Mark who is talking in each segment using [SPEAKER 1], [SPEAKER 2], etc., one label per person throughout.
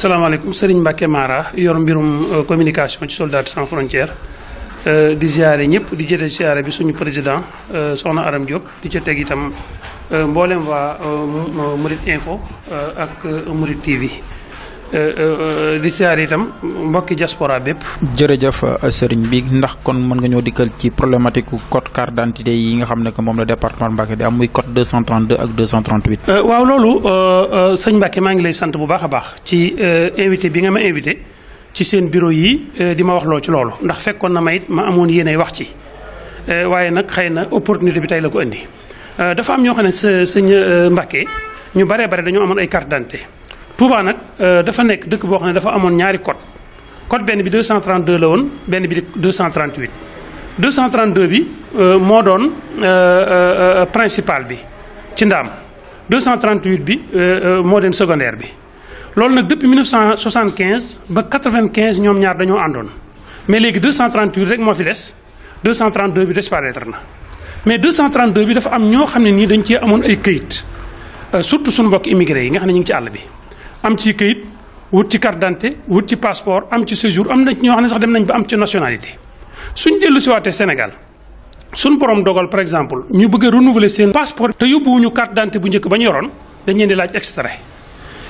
[SPEAKER 1] salaamaaleykum Serigne Mbacke Mara yor mbirum euh, communication ci Soldats sans frontières euh, di ziare ñëpp di jotee ziare bi suñu président euh, soxna Aram Diop di ca teg itam mboolem waa Mouride Info ak Mouride TV. Euh, euh, di siyaar itam mbokki diaspora bépp.
[SPEAKER 2] jërëjëf euh, sëriñ bii ndax kon mën nga ñoo dikkal ci problématique code carte d'identité yi nga xam ne que moom la département Mbacké di am muy code 232 ak 238.
[SPEAKER 1] waaw loolu sëñ Mbacké maa ngi lay sant bu baax a baax ci invité bi nga ma invité ci seen bureau yi di ma wax loo ci loolu ndax fekkoon na ma it ma amoon yéenay wax ci waaye nag xëy na opportunité bi tey la ko indi dafa am ñoo xam ne sëñ Mbacké ñu baree bare dañoo amoon ay carte d'identité Touba nag euh, dafa nekk dëkk boo xam ne dafa amoon ñaari code code benn bi 232 la woon benn bi 238 232 bi euh, moo doon euh, principal bi ci ndaam 238 bi moo doon secondaire bi loolu nag depuis 1975 ba 95 ñoom ñaar dañoo àndoon mais léegi 238 rek moo fi des 232 bi disparaître na mais 232 bi dafa am ñoo xam ne nii dañ cee amoon ay këyit surtout suñu mbokk immigré yi nga xam ne ñu ngi ci àll bi am ci këyit wut ci carte d'identité wut ci passeport am ci séjour am na ci ñoo xam ne sax dem nañ ba am ci nationalité suñ dellu si waatee Sénégal suñ borom dogal par exemple ñu bëgg a renouveler seen passeport te yóbbuwuñu carte d'identité bu njëkk ba ñu yoroon dañ leen di laaj extrait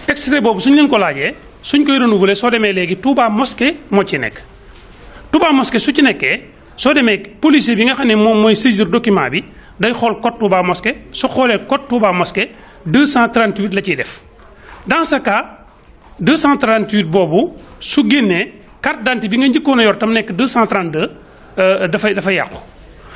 [SPEAKER 1] extrait boobu suñ leen ko laajee suñ koy renouveler soo demee léegi Touba mosquée moo ci nekk Touba mosquée su ci nekkee soo demee policier bi nga xam ne moom mooy saisir document bi day xool code Touba mosquée su xoolee code Touba mosquée 238 la ciy def. dans ce cas 238 bobu su génnee carte d'identité bi nga njëkkoon a yor tam nek 232 euh da fay da fay yàqu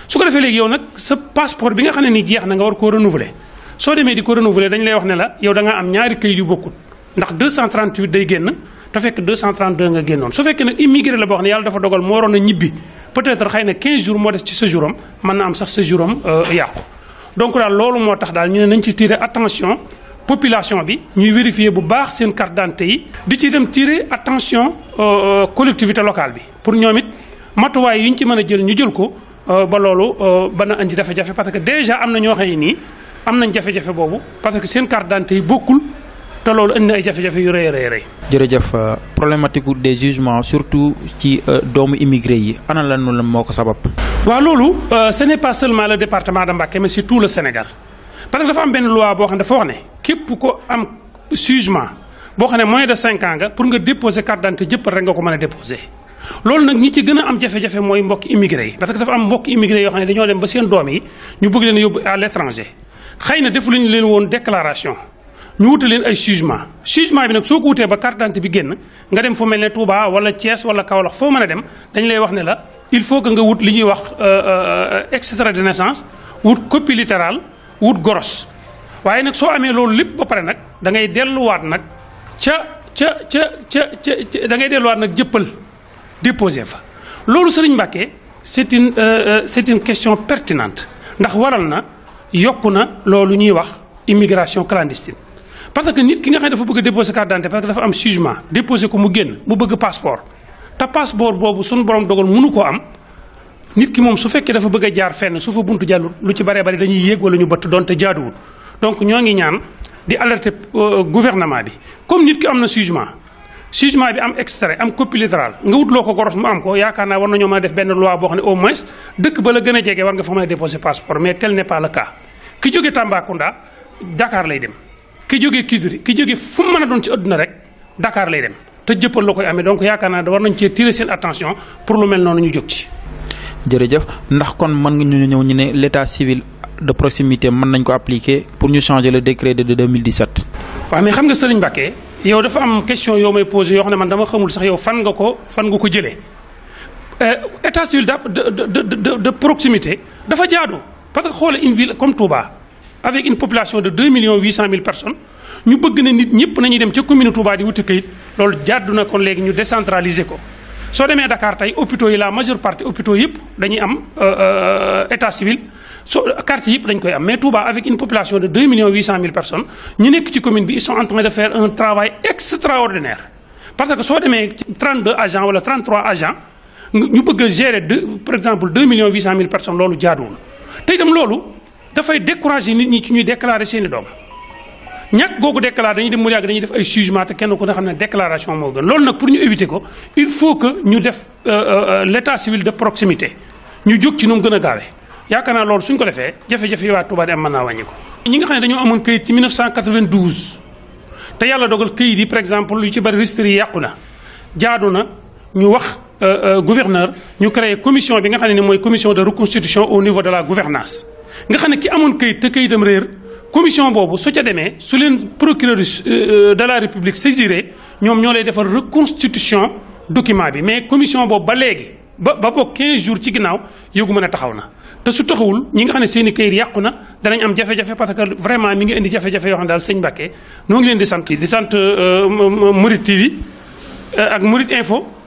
[SPEAKER 1] su ko defee légui yow nak ce passeport bi nga xamné ni jeex na nga war ko renouveler so démé di ko renouveler dañ lay wax né la yow da nga am ñaari këyit yu bokkut ndax 238 day guen ta fekk 232 nga génnoon su fekkee nak immigré la bo xam yalla dafa dogal moo waroon ñibbi peut-être xeyna 15 jours mo des ci séjour man na am sax séjour euh yàqu donc daal lolu moo tax daal ñu ne nañ ci tirer attention population bi ñuy vérifier bu baax seen carte d'identité yi di ci dem tirer attention euh, euh, collectivité locale bi pour ñoom matuwaay yi ñu ci mën a jël ñu jël ko euh, ba loolu ba na indi jafe-jafe parce que déjà am na ñoo xam ne nii am nañ jafe-jafe boobu parce que seen carte d'identité yi bokkul te loolu indi ay jafe-jafe yu rëy rëy rëy.
[SPEAKER 2] jërëjëf problématique des jugements surtout ci doomu immigré yi ana lan moo ko sabab.
[SPEAKER 1] waaw loolu ce n'est pas seulement le département de Mbacké mais c'est tout le Sénégal parce que dafa am benn loi boo xam ne dafa wax ne képp ko am jugement boo xam ne moins de cinq ans nga pour nga déposer carte d'identité jëppal rek nga ko mën a déposer. loolu nag ñi ci gën a am jafe-jafe mooy mbokk immigré yi parce que dafa am mbokk immigré yoo xam ne dañoo dem ba seen doom yi ñu bëgg leen yóbbu à l'étranger xëy na defuñu leen woon déclaration. ñu wuta leen ay jugement jugement bi nag soo ko wutee ba carte d'identité bi génn nga dem fu mel ne Touba wala Thiès wala Kaolack foo mën a dem dañ lay wax ne la il faut que nga wut li ñuy wax euh, euh, euh, extrait de naissance wut copie littérale wut goros waye nak so amé lolou lepp ba paré nak da ngay delluwaat nag ca ca ca ca ca da ngay wat nak jëppal déposer fa lolou serigne mbacké c'est une euh, euh, c'est une question pertinente ndax waral na yokuna lolou loolu ñuy wax immigration clandestine parce que nit ki nga xam ne dafa bëgg déposer carte d'identité parce que dafa am jugement déposer ko mu génn mu bëgg passeport ta passeport bobu sun borom dogal mënu ko am nit ki moom su fekkee dafa bëgg jaar fenn su fa buntu jàllul lu ci baree bari dañuy yéeg wala ñu bëtt donte jaaduwul donc ñoo ngi ñaan di alerter euh, gouvernement bi comme nit ki am na jugement jugement bi am extrait am copie littérale nga wut loo ko goros mu am ko yaakaar naa war nañoo mën a def benn loi boo xam ne au moins dëkk ba la gën a jege war nga fa mën a déposer passeport mais tel n'est pas le cas ki jóge Tambacounda Dakar lay dem ki jóge Kidira ki jóge fu mën a doon ci àdduna rek Dakar lay dem te jëppal la koy amee donc yaakaar naa war nañ cee seen attention pour lu mel noonu ñu jóg ci.
[SPEAKER 2] jërëjëf ndax kon man nga ñu ñëw ñu ne l'état civil de proximité mën nañ ko appliquer
[SPEAKER 1] pour ñu changer le décret de 2017. wa mais xam nga Serigne Mbacké yow dafa am question yow may poser yo xam man dama xamul sax yow fan nga ko fan nga ko jëlee euh, état civil de de de de de proximité dafa jaadu parce que xolé une ville comme Touba avec une population de 2 800 000 personnes ñu bëgg na nit ñëpp nañuy dem ci commune Touba di wuti keuyit loolu jaadu na kon légui ñu décentraliser ko soo demee Dakar tey hôpitaux la majeure partie hôpitaux yëpp dañuy am euh, euh, état civil so quartier yëpp dañ koy am mais Touba avec une population de 2 millions 800 000 personnes ñu nekk ci commune bi ils sont en train de faire un travail extraordinaire parce que soo demee 32 agents wala 33 agents ñu bëgg gérer par exemple 2 millions 800 000 personnes loolu jaaduwul te itam loolu dafay décourager nit ñi ci ñuy déclarer ñàkk gogu déclarer dañuy dem mu dañuy def ay jugement té kenn ko na xamné déclaration mo gën lool nak pour ñu éviter ko il faut que ñu def euh, euh, l'état civil de proximité ñu jóg ci nu gëna gën a gaawee yaakaar suñ ko défé jafé jafé wa waa Touba di am mën naa wàññi ko. ñi nga xamné ne dañoo amoon këyit ci 1992 té yalla dogal këyit yi par exemple lu ci bari registre yi yàqu na jaadu na ñu wax euh, gouverneur ñu créer commission bi nga xamné moy commission de reconstitution au niveau de la gouvernance nga xamné ne ki amoon këyit te këyitam reer commission bobu su ca demee su len procureur euh, euh, de la république saisiré ñom ñolay défar reconstitution document bi mais commission bobu ba légui ba ba boog 15 jours ci ginnaaw yëgu mën taxawna té su taxawul ñi nga xam ne seen i kayit yàqu am jafé jafé parce que vraiment mi ngi indi jafé jafé yo xam dal seigne sëñ ñu ngi len di sant di sant euh, Mouride TV ak Mouride Info